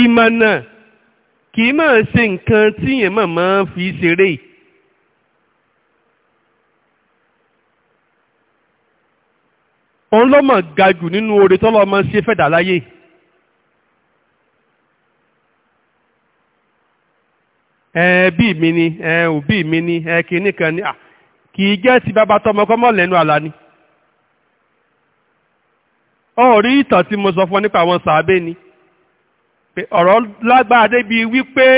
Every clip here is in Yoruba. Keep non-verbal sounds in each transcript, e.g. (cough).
ìmọ̀nà kì í máa ṣe nǹkan tí yẹn máa máa fi ṣeré yìí. òun ló mọ̀ ga jù nínú oore tọ́lọ́ ọmọ ṣe fẹ̀dà láyé. ẹbí mi ni òbí mi ni kìíní kan ni kì í jẹ́ ti bàbá tọmọ kọ́mọ́ lẹ́nu àlá ni. ọ̀rí ìtàn tí mo sọ fún ọ nípa àwọn sàábé ni ọ̀rọ̀ lágbára débi wípé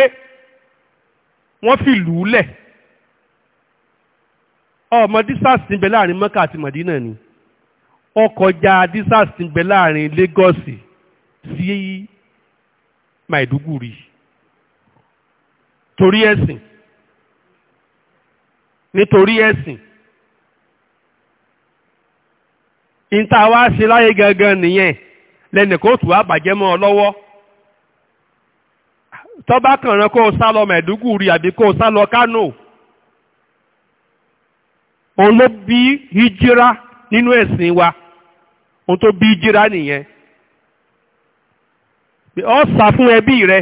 wọ́n fi lù ú lẹ̀ ọmọ disas ti bẹ láàrin mọ́kà àti mọ̀dínà ni ó kọjá disas ti bẹ láàrin Lagos sí Maiduguri torí ẹ̀sìn nítorí ẹ̀sìn ìta wá ṣe láyé gangan nìyẹn lẹ́nìkan ó tù wá bàjẹ́ mọ́ ọ lọ́wọ́ tọ́ba kànrán kó o sá lọ Maiduguri àbí kó o sá lọ Kánò òun ló bí hijira nínú ẹ̀sìn wa òun tó bí hijira nìyẹn ọ sá fún ẹbí rẹ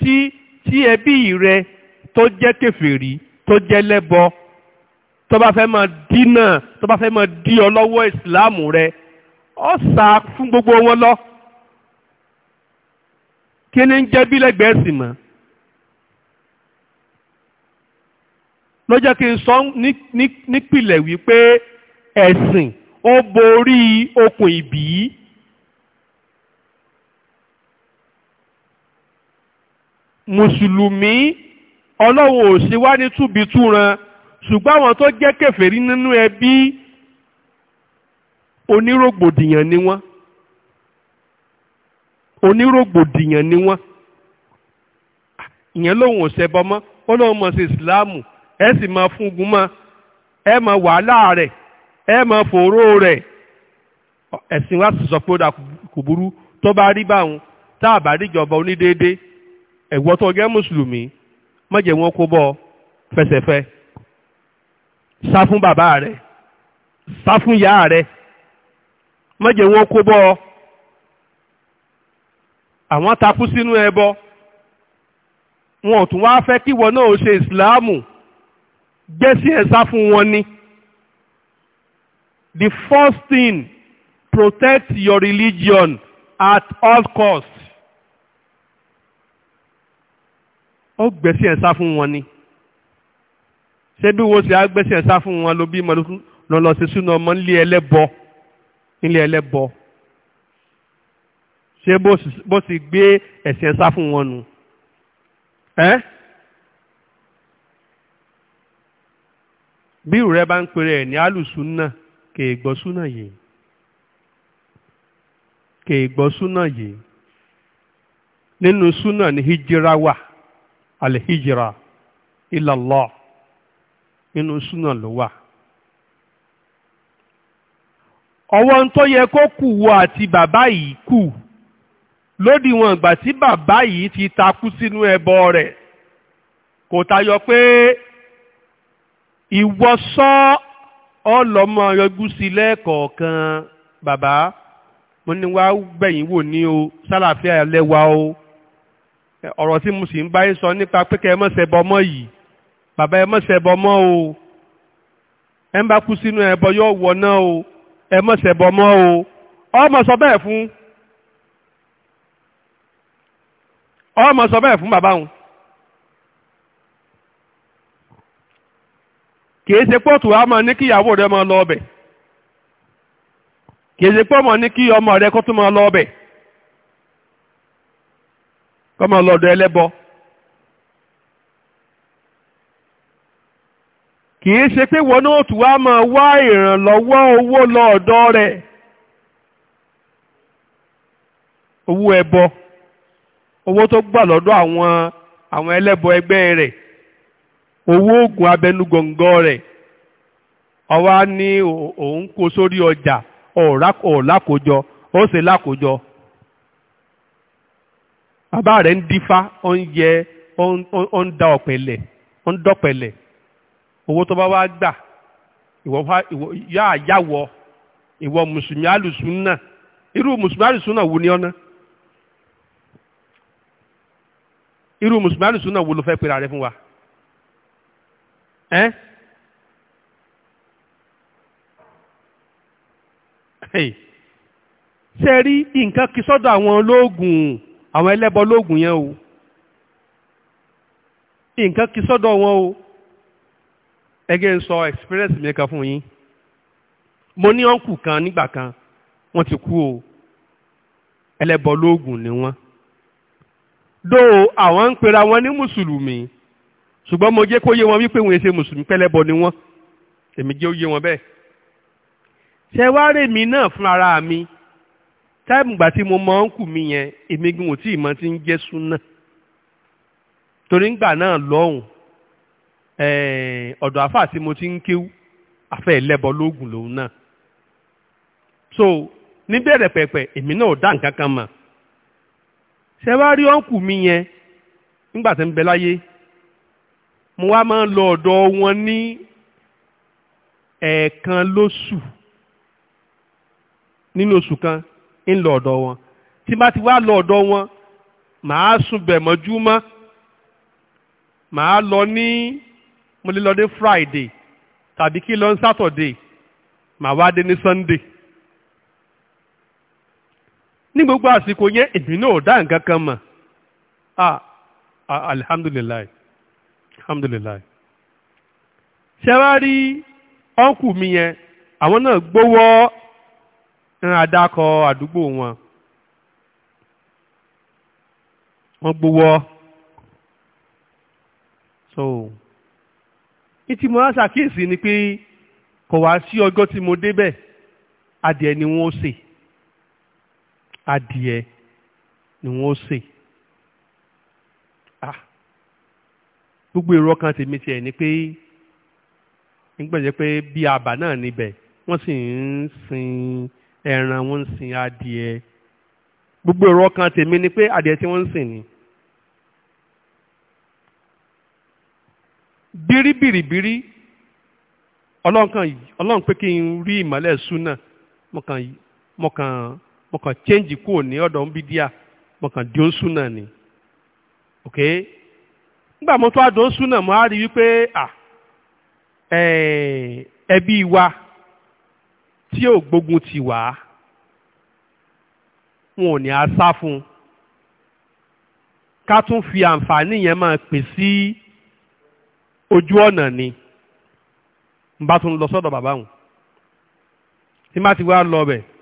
tí tí ẹbí rẹ tó jẹ́ kèfèrí tó jẹ́ lẹ́bọ tó bá fẹ́ máa dínà tó bá fẹ́ máa dí ọ lọ́wọ́ ìsìláàmù rẹ ọ sá fún gbogbo wọn lọ kí ni ń jẹ́ bí lẹ́gbẹ̀ẹ́ sì mọ́ ló jẹ́ kí n sọ nípìlẹ̀ wípé ẹ̀sìn ó borí okùn ìbí. mùsùlùmí ọlọ́run ò ṣe wá ní túbitúran ṣùgbọ́n àwọn tó jẹ́ kèfèrí nínú ẹbí onírògbòdìyàn ni wọ́n onírògbòdìyàn ni wọ́n ìyẹn lòun ò ṣẹbọ mọ́ ó lóun mọ̀ sí ìsìláàmù ẹ sì máa fún ogun mọ́ ẹ mọ wàhálà rẹ̀ ẹ mọ fòró rẹ̀ ẹ̀sìn wa sì sọ pé ó dà kò burú tó bá rí báwọn tá a bá rí ìjọba onídéédé ẹ̀wọ́ tó gẹ́ mùsùlùmí má wọn kó bọ́ fẹsẹ̀fẹ sá fún bàbá rẹ̀ sá fún ìyá rẹ̀ má wọn kó bọ́ ọ àwọn takú sínú ẹbọ wọn ò tún wá fẹ́ kí wọn náà ṣe ìsìláàmù gbẹ́sí ẹ̀sá fún wọn ni the first thing protect your religion at all costs ó gbẹ́sí ẹ̀sá fún wọn ni ṣé bí wo ṣe á gbẹ́sí ẹ̀sá fún wọn ló bí mọ̀ lọ sí súnà ọmọ nílé ẹlẹ́bọ nílé ẹlẹ́bọ. se bó sì gbé ẹ̀sìn ẹ̀sá fún wọn nù. ẹ́ bí ìrẹ́ bá ń pèrè ẹ̀ ní alùsùnà na é gbọ́ súnà yìí kè é gbọ́ yìí nínú súnà ní hijira wà alìhijira ilallah nínú súnà ló wà ọwọ́ ń tó yẹ kó kù wọ àti bàbá yìí kù. lódiwọ̀n ìgbà tí bàbá yìí ti takú sínú ẹbọ rẹ̀ kò tayọ pé ìwọ sọ ọlọmọ yọjú sí lẹ́ẹ̀kọ̀ọ̀kan bàbá mo ní wá gbẹ̀yìn wò ní o sálàfíà lẹ́wà o ọ̀rọ̀ tí mo sì ń báyé sọ nípa pé kẹ́ ẹ mọ́ ṣẹbọ mọ́ yìí bàbá ẹ mọ́ ṣẹbọ mọ́ o ẹ ń bá kú sínú ẹbọ yóò wọ náà o ẹ mọ́ ṣẹbọ mọ́ o ọmọ sọ bẹ́ẹ̀ fún ọmọ sọ bẹ́ẹ̀ fún bàbá òun kìí ṣe pọ́ọ̀tù wa máa ní kí ìyàwó rẹ máa lọ ọbẹ̀ kìí ṣe pọ́ọ̀mọ ní kí ọmọ rẹ kó tún máa lọ ọbẹ̀ kọ́ máa lọ́dọ̀ ẹlẹ́bọ. kìí ṣe pé wọn náà tù wá máa wá ìrànlọ́wọ́ owó lọ́ọ̀dọ́ rẹ̀ owó ẹbọ. E owó tó gbà lọ́dọ̀ àwọn àwọn ẹlẹ́bọ ẹgbẹ́ rẹ̀ owó oògùn abẹnugọ̀ngọ̀ rẹ̀ ọwá ní òun kó sórí ọjà ọ̀làkójọ ó sì lákójọ bàbá rẹ̀ ń dífá ó ń yẹ ó ń da ọ̀pẹ̀lẹ̀ ó ń dọ̀pẹ̀lẹ̀ owó tó bá wá gbà ìwọ yáà yáwọ ìwọ mùsùlùmí alùsùn náà irú mùsùlùmí alùsùn náà wò ní ọ̀nà. irú mùsùlùmí alùsùn náà wo ló fẹ́ pera rẹ fún wa ẹ́ ṣe rí nǹkan kí sọ́dọ̀ àwọn olóògùn àwọn ẹlẹ́bọ yẹn o nǹkan kí sọ́dọ̀ wọn o ẹgẹ́ ń sọ experience mi kan fún yín mo ní ọ̀nkù kan nígbà kan wọ́n ti kú o ẹlẹ́bọ olóògùn ni wọ́n Do àwọn ń pera wọn ní mùsùlùmí ṣùgbọ́n mo jẹ́ kó yé wọn wípé wọn ṣe mùsùlùmí pẹ́lẹ́bọ ni wọ́n èmi jẹ́ ó yé wọn bẹ́ẹ̀. ṣé wá náà fún ara mi táìmù ìgbà tí mo mọ ọ́nkù mi yẹn èmi gun ò tí ì mọ ti ń jẹ́ súnà torí ńgbà náà lọ́hùn ọ̀dọ̀ àfà tí mo ti ń kéwú àfẹ́ ẹlẹ́bọ lóògùn lòun náà so níbẹ̀rẹ̀ pẹ̀pẹ̀ èmi náà ò dá nǹkan kan mọ̀ ṣe wá rí ọ̀nkù mi yẹn nígbà tí ń bẹ láyé mo wá máa ń lọ ọ̀dọ̀ wọn ní ẹ̀ẹ̀kan lóṣù nínú oṣù kan ń lọ ọ̀dọ̀ wọn tí bá ti wá lọ ọ̀dọ̀ wọn màá sùn bẹ̀ mọ́júmọ́ màá lọ ní mo lè lọ dé Friday tàbí kí lọ ní Saturday màá wá dé ní Sunday. ní gbogbo àsìkò yẹn èmi náà dá nǹkan kan mọ̀ ah alhamdulilayi alhamdulilayi ṣẹ́wárí ọ́nkù mi yẹn àwọn náà gbowó àdàkọ àdúgbò wọn wọ́n gbowó so ní tí mo á ṣàkíyèsí ni pé kò wá sí ọjọ́ tí mo débẹ̀ adìẹ ni wọ́n ó adìẹ ni wọn sè ah gbogbo èrò kan tèmi tiẹ̀ ni pé nígbà jẹ́ pé bí àbà náà níbẹ̀ wọ́n sì ń sin ẹran wọn ń sin adìẹ gbogbo èrò kan tèmi ni pé adìẹ tí wọn ń sìn ni. biri ọlọ́nkàn yìí ọlọ́nkàn pé kí n rí ìmọ̀lẹ̀ mọ̀kàn mo kàn change kúrò ní ọ̀dọ̀ ń bí díà mo kàn di oṣù náà ni ok nígbà mo tó àdó oṣù náà mo á rí wípé ẹbí wa tí ò gbógun ti wá wọn ò ní á sá fún ká tún fi àǹfààní yẹn máa pè sí ojú ọ̀nà ni n bá tún lọ sọ́dọ̀ bàbá wọn tí má ti wá lọ bẹ́ẹ̀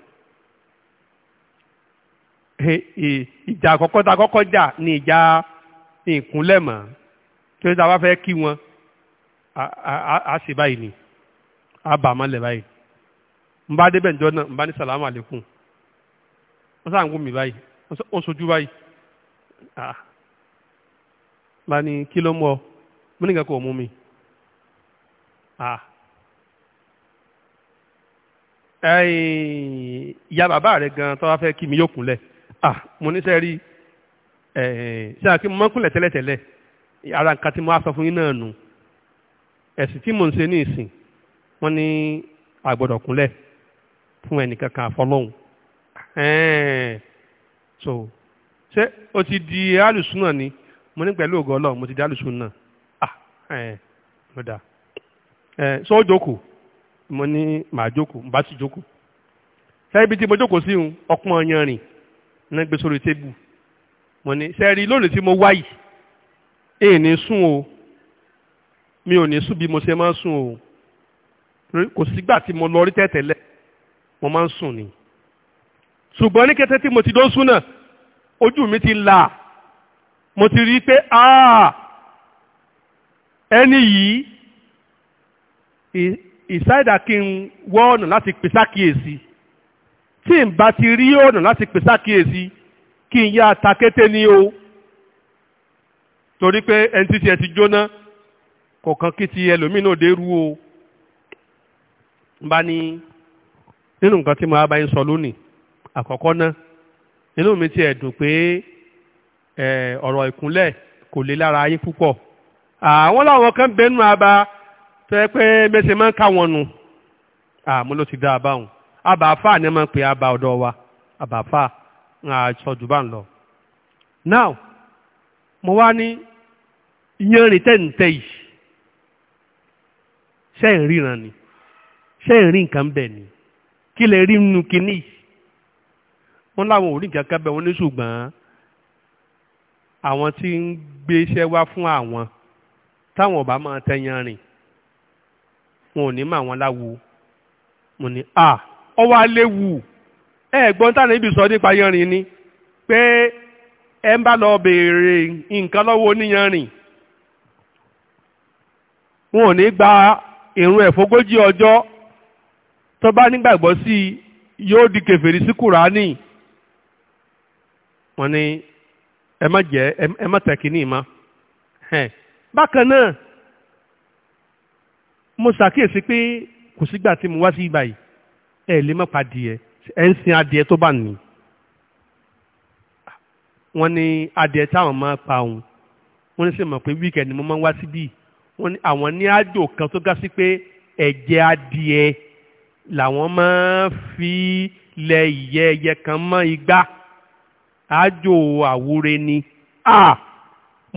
ìjà àkọ́kọ́ ta kọ́kọ́ jà ní ìjà ìkúnlẹ̀ mọ́ tó ń ta bá fẹ́ kí wọn a sì báyìí ni a bà má lẹ̀ báyìí n bá débẹ̀ njọ́ náà n bá ní sàlámù àlékún wọ́n sàn gún mi báyìí wọ́n sojú báyìí bá ní kí ló mọ́ mo ní kankan ò mú mi ìyá bàbá rẹ̀ gan tó bá fẹ́ kí mi yóò kúnlẹ̀. ah mo ní sẹ́rí ṣé àti mo máa ń tẹ́lẹ̀tẹ́lẹ̀ ara nǹkan tí mo á sọ fún yín náà nù ẹ̀sìn tí mò ń ṣe ní ìsìn wọ́n ní àgbọ̀dọ̀ kúnlẹ̀ fún ẹnìkan kan àfọlọ́hùn so ṣé o ti di náà ni mo ní pẹ̀lú ògo ti di ah mo dà ó jókòó mo náà gbé sórí tébù mo ni sẹ́ẹ̀rí lónìí tí mo wá yìí èè ní sùn o mi ò ní sùn bí mo ṣe máa ń sùn o kò sígbà tí mo lọ rí tẹ̀tẹ̀lẹ̀ mo máa ń sùn ni ṣùgbọ́n ní kété tí mo ti dó sùn náà ojú mi ti là mo ti rí pé ẹni yìí ìsáìdà kí n wọ́ ọ̀nà láti pèsè àkíyèsí tí n bá ti rí ọ̀nà láti pè sákìyèsí kí n yá ta kété ní o torí pé ẹni tí tiẹ̀ ti jóná kọ̀ọ̀kan kí ti ẹlòmíín náà dérú o n bá ní nínú nǹkan tí mo bá yín sọ lónìí àkọ́kọ́ náà nínú mi ti ẹ̀dùn pé ọ̀rọ̀ ìkúnlẹ̀ kò lè lára yín púpọ̀ àwọn làwọn kan bẹnu aba tẹ́ pé mẹ́sẹ̀ máa ń ká wọn nù àmọ́ ti dá a báwọn Abafa ni wọ́n pe abà ọ̀dọ̀ wa abàáfà àṣọjù bá ń lọ. now mo ni ní iyanrìn tẹ́ǹtẹ́ yìí ṣé ń ríran ni ṣé ń rí nǹkan bẹ̀ ni kí lè rí nínú kinní yìí wọ́n láwọn ò rí nǹkan kan bẹ̀ wọ́n ní àwọn tí ń gbé iṣẹ́ wá fún àwọn táwọn ọba máa tẹyan rìn wọn ò ní mọ àwọn láwo mo ní a. ọwọ́ aléwu ẹ̀gbọ́n táwọn ibi sọ nípa yanrìn ni pé ẹ ń bá lọ béèrè nǹkan lọ́wọ́ oníyanrìn wọn ò ní gba ìrun ẹ̀fógójì ọjọ́ tó bá nígbàgbọ́ sí i yóò di kèfèrí sí kùránì wọ́n ní ẹ má ẹ má ma bákan náà mo ṣàkíyèsí pé kò sígbà tí mo wá sí ẹ lè má padìẹ ẹ ń sin adìẹ tó bá nì wọ́n ní adìẹ táwọn máa pa òun wọ́n ní sì mọ̀ pé wíkẹ̀ndì mo máa ń wá síbí wọ́n ní àwọn ní àjò kan tó ga sí pé ẹ̀jẹ̀ adìẹ làwọn máa fi lẹ ìyẹ́ ẹyẹ kan mọ́ igbá àjò àwúre ni a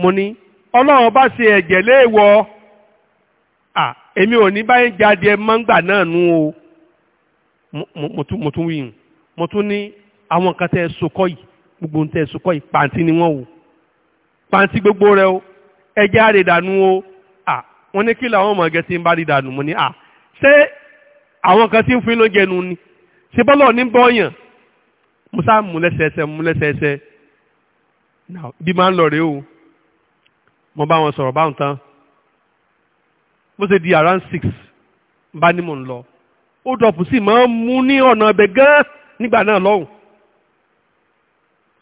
mo ní ọlọ́run bá ṣe ẹ̀jẹ̀ léèwọ̀ a èmi ò ní báyìí jáde ẹ náà nú o mo tún wíyùn mo tún ní àwọn nǹkan tẹ́ ẹ yìí gbogbo tẹ́ ẹ yìí pàǹtí ni wọ́n o pàǹtí gbogbo rẹ o ẹja rè dànù o à wọ́n ní kí làwọn ọmọ ẹ̀gẹ́ ti ń bá rí dànù mo ní à ṣé àwọn kan tí ń fún lóúnjẹ nu ni ṣe bọ́lọ̀ ní bọ́ọ̀yàn musa mú lẹ́sẹẹsẹ bí máa ń lọ rèé o mo bá wọn sọ̀rọ̀ báwọn tán bó ṣe di around six bá ní mò ń lọ ó dọ̀pù sì máa ń mú ní ọ̀nà ibẹ̀ gan nígbà náà lọ́hùn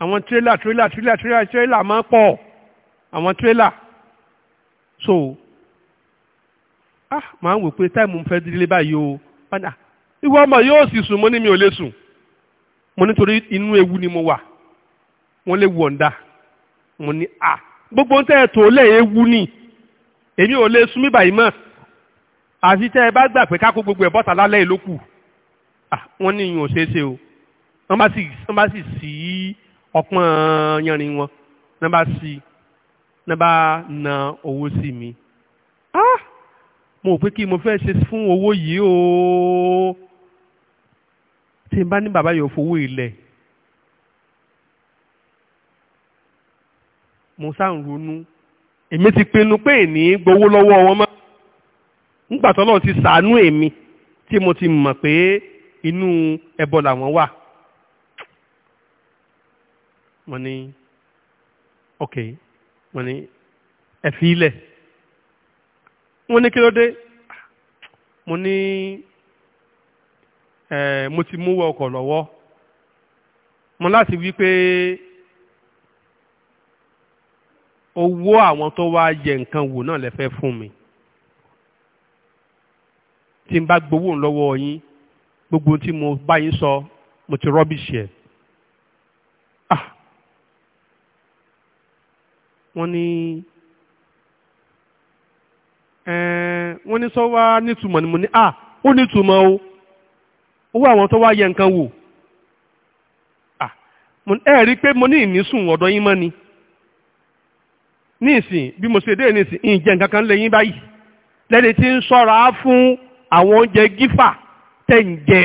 àwọn tírélà tírélà tírélà tírélà tírélà máa pọ̀ àwọn tírélà so ah màá wò pé táìmù fẹ́ dídílé báyìí o padà ìwọ ọmọ yóò sì sùn mo ní mi ò lè sùn mo nítorí inú ewu ni mo wà wọ́n lè wọ̀ǹda mo ní à gbogbo ń tẹ́ ẹ̀ tó lẹ́yìn ewu ni èmi ò lè sùn mí báyìí mọ́ àti tẹ́ ẹ bá gbà pé kákó gbogbo ẹ̀ bọ́ta lálẹ́ ìlú kù ah, wọ́n ní ìyún òṣèṣe o wọ́n bá sì wọ́n bá sì sí ọpọ́n yanrìn wọn wọ́n bá sì wọ́n bá na owó sí mi ah, mo ò pé kí mo fẹ́ ṣe fún owó yìí o tí n bá ní bàbá yóò fowó ilẹ̀ mo sáà ń ronú èmi ti pinnu pé ní gbowó lọ́wọ́ wọn mọ́ nígbà tí Ọlọ́run ti sàánú èmi tí mo ti mọ̀ pé inú ẹbọ làwọn wà wọ́n ní ok wọ́n ní ẹ̀fí ilẹ̀ wọ́n ní kí mo ní ẹ̀ mo ti mú wọ lọ́wọ́ mo láti wí pé owó àwọn tó wá yẹ nǹkan wò náà lè fẹ́ fún mi tí n bá gbowó lọ́wọ́ yín gbogbo tí mo bá yín sọ mo ti rọ́bìṣì ẹ̀. Ah. wọ́n ní eh, wọ́n ní sọ wá nítumọ̀ ni mo ní ah ó nítumọ̀ o owó àwọn tó wá yẹ nǹkan wò ah. ẹ rí i pé mo ní ìnísùn ọ̀dọ̀ yín mọ́ ni ní ìsìn bí mo ṣe dé ní ìsìn ìjẹ nǹkan lè yín báyìí lẹ́ni tí ń ṣọ́ra fún àwọn oúnjẹ gífà tẹ̀ ń jẹ.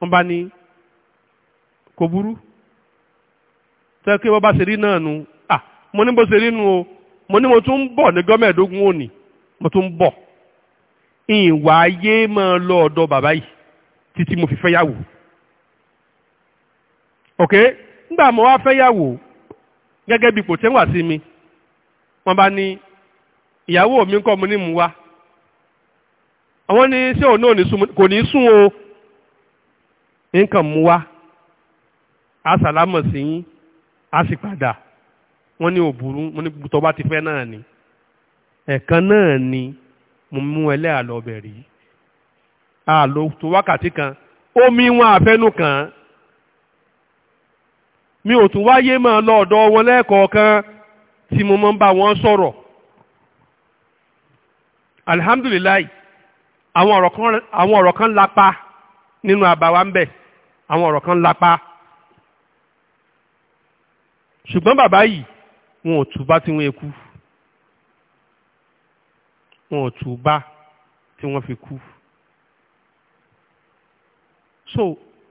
wọ́n bá ní kò burú tẹ́ kí wọ́n bá ṣe rí náà nu à mo ní bó ṣe rí nu o mo ní mo tún ń bọ̀ ní gọ́mẹ̀ẹ́dógún òní mo tún ń bọ̀ ìwà ayé máa lọ ọ̀dọ̀ bàbá yìí títí mo fi fẹ́ yàwó ok nígbà mo wá fẹ́ yàwó gẹ́gẹ́ bí ipò tẹ́wà sí mi wọ́n bá ní ìyàwó mi kọ́ mo ní mú wa àwọn ní ṣé òun náà kò ní sùn o nǹkan mú wa a sàlámọ̀ sí yín a sì padà wọ́n ní òbúrú wọ́n ní tó bá ti fẹ́ náà ni ẹ̀ẹ̀kan náà ni mo mú ẹlẹ́à lọ́bẹ̀ rí àlò tó wákàtí kan omi wọn àfẹnú kan mi ò tún wáyé máa lọ ọ̀dọ̀ wọn lẹ́ẹ̀kọ̀ọ̀kan tí mo máa ń bá wọn sọ̀rọ̀ alihamdulilayi àwọn ọ̀rọ̀ kan àwọn ọ̀rọ̀ kan lapa nínú àbáwá ń bẹ̀ àwọn ọ̀rọ̀ kan lapa ṣùgbọ́n bàbá yìí wọn ò túbá tí wọ́n ekú wọn ò túbá tí wọ́n fi kú so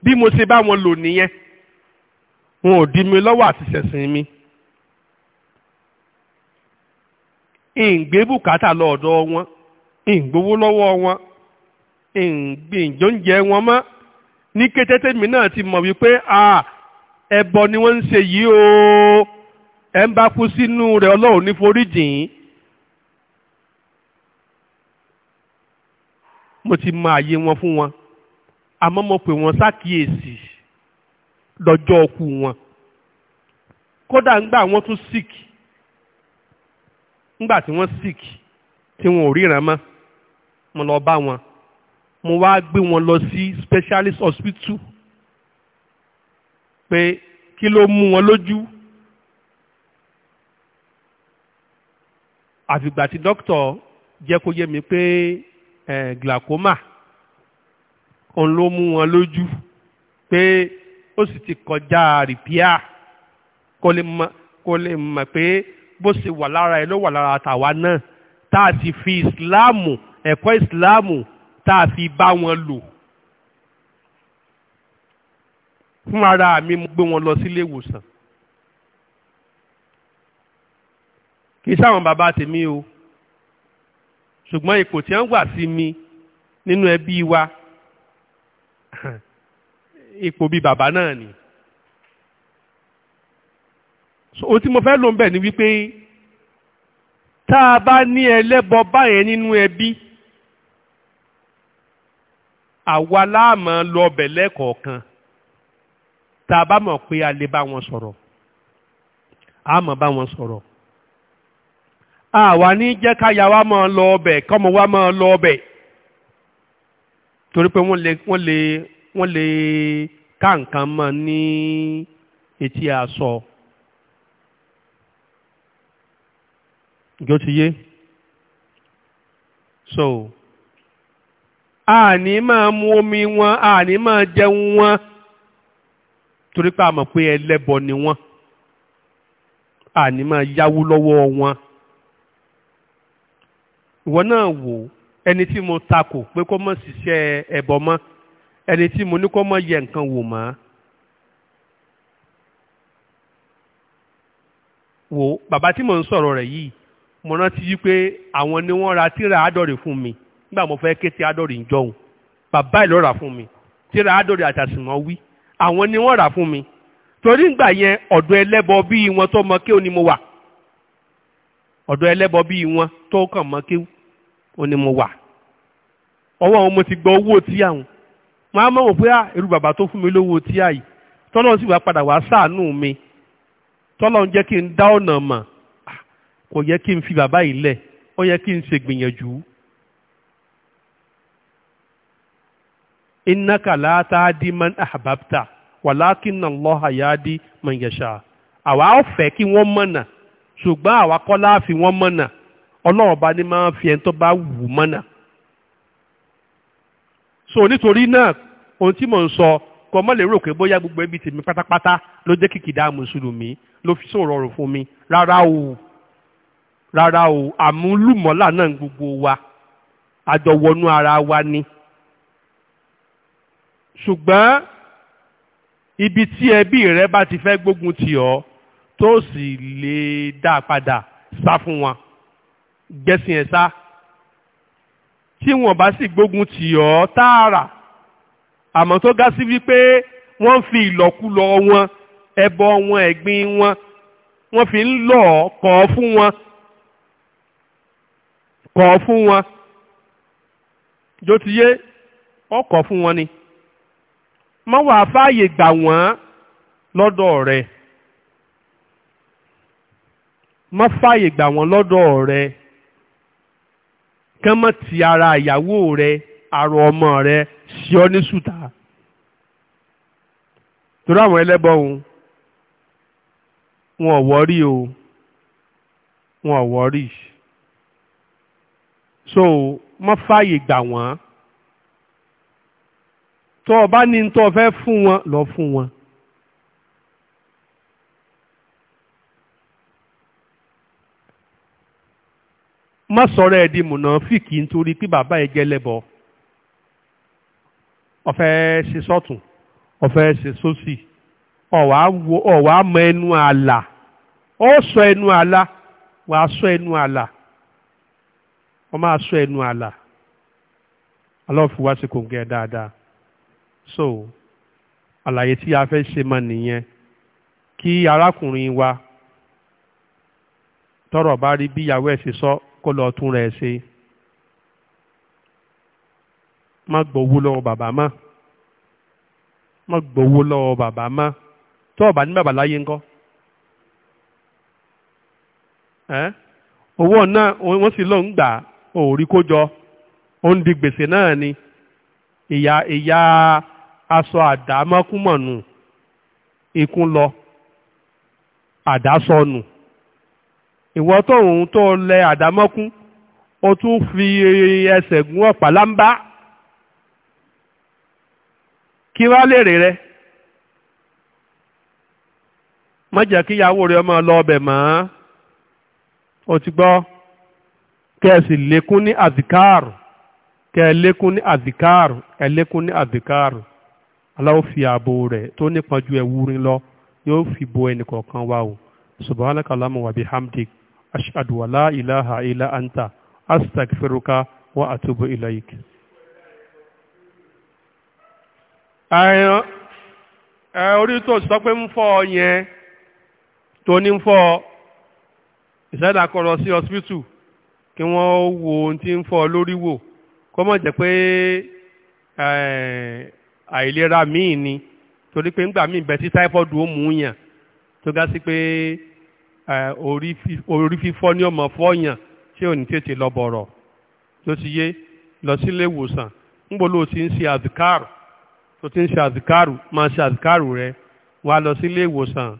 bí mo ṣe bá wọn lò nìyẹn wọn ò dí mi lọ́wọ́ àti ṣẹ̀sìn mi ìǹgbé bùkátà lọ́ọ̀dọ̀ wọn ìgbowó lọ́wọ́ wọn ìgbìyànjẹ wọn mọ́ ní mi náà ti mọ̀ wípé ẹbọ ni wọ́n ń ṣe yìí o ẹ ń bá kú sínú rẹ ọlọ́run ní foríjìn. mo ti mo pè wọ́n lọ́jọ́ ọkù wọn kódà ńgbà wọ́n tún sick ńgbà tí wọ́n sick tí ò ríran mo lọ bá wọn mo wá gbé wọn lọ sí specialist hospital pé kí ló mú wọn lójú àfìgbà tí dókítà jẹ́ kó yé mi pé eh, glaucoma òun ló mú wọn lójú pé ó sì ti kọjá rìpíà kó lè mọ̀ kó lè mọ̀ pé bó ṣe wà lára ẹ ló wà lára tàwa náà tá a sì fi ìsìláàmù ẹ̀kọ́ ìsìláàmù tá a fi bá wọn lò fún ara mi mo gbé wọn lọ sílé ìwòsàn kì í sáwọn bàbá tèmi o ṣùgbọ́n ipò tí wọ́n wà sí mi nínú ẹbí wa (laughs) ipò bíi bàbá náà ni ohun tí mo fẹ́ lò ń bẹ̀ ni wípé tá a bá ní ẹlẹ́bọ báyẹn nínú ẹbí àwa láàmọ́ lọ́ọ̀bẹ̀ lẹ́kọ̀ọ̀kan tá a bá mọ̀ pé a lè bá wọn sọ̀rọ̀ a mọ̀ bá wọn sọ̀rọ̀ àwa ní jẹ́ káyà wa mọ̀ lọ́ọ̀bẹ̀ kọ́mọ wa mọ̀ lọ́ọ̀bẹ̀ torí pé wọ́n lè wọ́n lè wọ́n lè ká nǹkan mọ́ ní etí aṣọ. Ìjọ ti yé. So àní máa mu omi wọn àní máa jẹun wọn torí pé a mọ̀ pé ẹlẹ́bọ ni wọ́n àní máa yáwó lọ́wọ́ wọn ìwọ náà wò ẹni tí mo takò pé kó má ṣiṣẹ́ ẹbọ mọ́ ẹni tí mo ní kó má yẹ nǹkan wò mọ́ wò bàbá tí mò ń sọ̀rọ̀ rẹ̀ yìí mo rántí yí pé àwọn ni wọ́n ra tíra àádọ́rin fún mi nígbà mo fẹ́ ké tí adọ́rì ń jọun bàbá ìlú rà fún mi tíra adọ́rì àtàsìmọ́ wí àwọn ni wọ́n rà fún mi torí ngbà yẹn ọ̀dọ̀ ẹlẹ́bọ bíi wọn tó mọ kéwù ni mo wà ọ̀dọ̀ ẹlẹ́bọ bíi wọn tó kàn mọ kéwù ni mo wà ọwọ́ àwọn ọmọ ti gbọ́ owó tí àwọn máa mọ̀ pé ah, irú bàbá tó fún mi lówó tí àyè tọ́lọ́ sì wá padà wá ṣàánú mi tọ́lọ́ ń jẹ́ kí n dá ọ̀nà mọ̀ ah, kò yẹ kí n fi bàbá yìí lẹ̀ ó yẹ kí n ṣègbìyànjú innaka la tahdi man ahbabta walakin allaha yahdi man yasha àwa ò fẹ́ kí wọ́n mọ̀nà ṣùgbọ́n àwa kọ́ la fi wọ́n mọ̀nà ọlọ́run bá ní máa ń fi ẹni tó bá wù mọ̀nà. so nítorí náà ohun tí mò ń sọ kò mọ́ lérò pé bóyá gbogbo ẹbí tèmi pátápátá ló jẹ́ kìkìdá mùsùlùmí ló fi sóò rọrùn fún mi rárá o rárá o àmúlùmọ́là náà gbogbo wa àjọwọnú ara wa ni ṣùgbọ́n ibi tí ẹbí rẹ bá ti fẹ́ gbógun ti ọ tó sì lè dá a padà sá fún wọn gbẹ̀sìn ẹ̀ sá tí wọn bá sì gbógun ti ọ tààrà àmọ́ tó gá sí wípé wọ́n fi ìlọ́kulọ wọn ẹbọ wọn ẹ̀gbin wọn wọ́n fi ń lọ̀ kọ́ fún wọn kọ́ fún wọn jótìyé ọkọ̀ fún wọn ni má wàá fààyè gbà wọ́n lọ́dọ̀ rẹ má fààyè gbà wọ́n lọ́dọ̀ rẹ kán mọ́ ti ara ìyàwó rẹ àrò ọmọ rẹ sí ọ ní sùtà torí àwọn ẹlẹ́bọ òun wọn ò wọ́rí o wọn ò wọ́rí so má fààyè gbà wọ́n. tó o bá ní tó o fẹ́ fún wọn lọ fún wọn. má sọ̀rọ̀ ẹ̀ di mùnàfíkì nítorí pé bàbá ẹ̀ jẹ́ lẹ́bọ ọ̀fẹ́ ṣe sọ́tún ọ̀fẹ́ ṣe sósì ọ̀wá mọ ẹnu àlà ó sọ ẹnu àlà wàá sọ ẹnu àlà ọ máa sọ ẹnu àlà alọ́ọ̀fù wá sí kòǹgẹ́ dáadáa. so àlàyé tí a fẹ́ ṣe mọ́ nìyẹn kí arákùnrin wa tọ́rọ̀ bá rí bí ìyàwó ẹ̀ ṣe sọ kó lọ tún rẹ̀ ṣe má gbowó lọ́wọ́ bàbá mọ́ má gbowó lọ́wọ́ bàbá mọ́ tó bá ní bàbá láyé ńkọ́ owó náà wọ́n sì lọ ń gbà òórí kó jọ ó ń di gbèsè náà ni ìyá ìyá. aṣọ àdámọ́kúmọ̀nù ikún lọ àdásọnù ìwọ tóun tó lẹ àdámọ́kún ó tún fi ẹsẹ̀ gún ọ̀pá lámbá kí wá lèrè rẹ má kí ìyàwó rẹ ọmọ lọ ọbẹ̀ mọ́ ó ti gbọ́ kẹ́ẹ̀sì lékún ní àdìkáàrù kẹ́ẹ̀ lékún ní àdìkáàrù ẹ̀ lékún ní àdìkáàrù. aláwọ̀ fi ààbò rẹ̀ tó nípa ju ẹ̀wúrin lọ yóò fi bo ẹnìkọ̀ọ̀kan wa o subhanaka allahumma wa bihamdik ashhadu wa la ilaha illa anta astaghfiruka wa atubu ilaik. àyàn orí tó sọ pé ń fọ́ ọ yẹn tó ní ń fọ́ ọ ìṣẹ́dá kọ̀rọ̀ sí hospital kí wọ́n wo ohun tí ń fọ́ ọ lórí wò kó má jẹ́ pé àìlera míì ni torí pé ńgbà míì bẹ tí typhoid ó mú yàn tó ga sí pé orí fífọ́ ní ọmọ fọ́yàn tí ò ní tètè lọ bọ̀rọ̀ tó ti yé lọ sílé ìwòsàn ńgbò ló ti ń ṣe àzìkárù tó ti ń ṣe àzìkárù máa ṣe àzìkárù rẹ wá lọ sílé ìwòsàn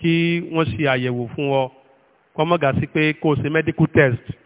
kí wọ́n ṣe àyẹ̀wò fún ọ kọ́mọ́gà sí pé kó o ṣe medical test